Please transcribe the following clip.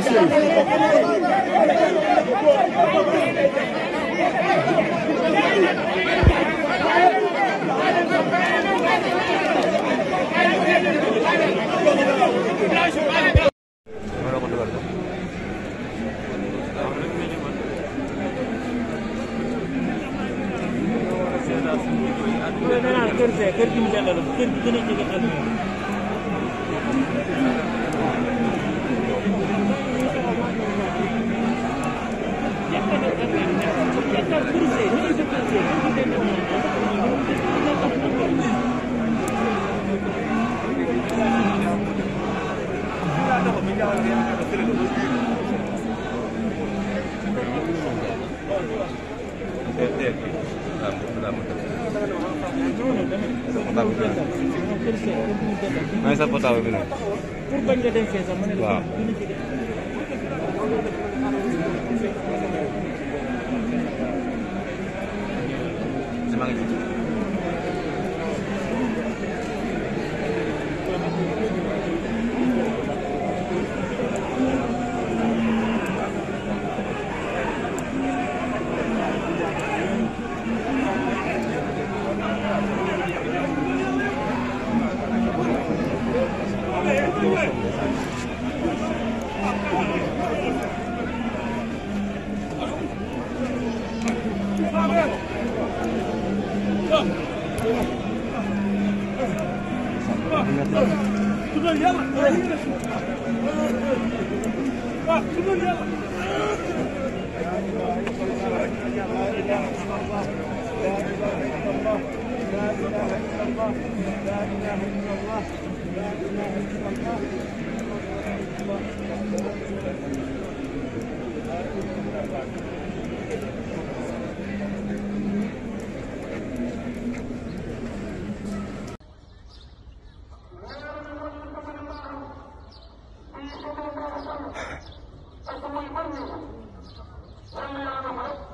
kër gi mu delloo la kër gi gën a jege àll maa ngi sa portable bi nag. waaw. maa ngi Tutun yalla. Bak tutun yalla. Thank you. Thank you.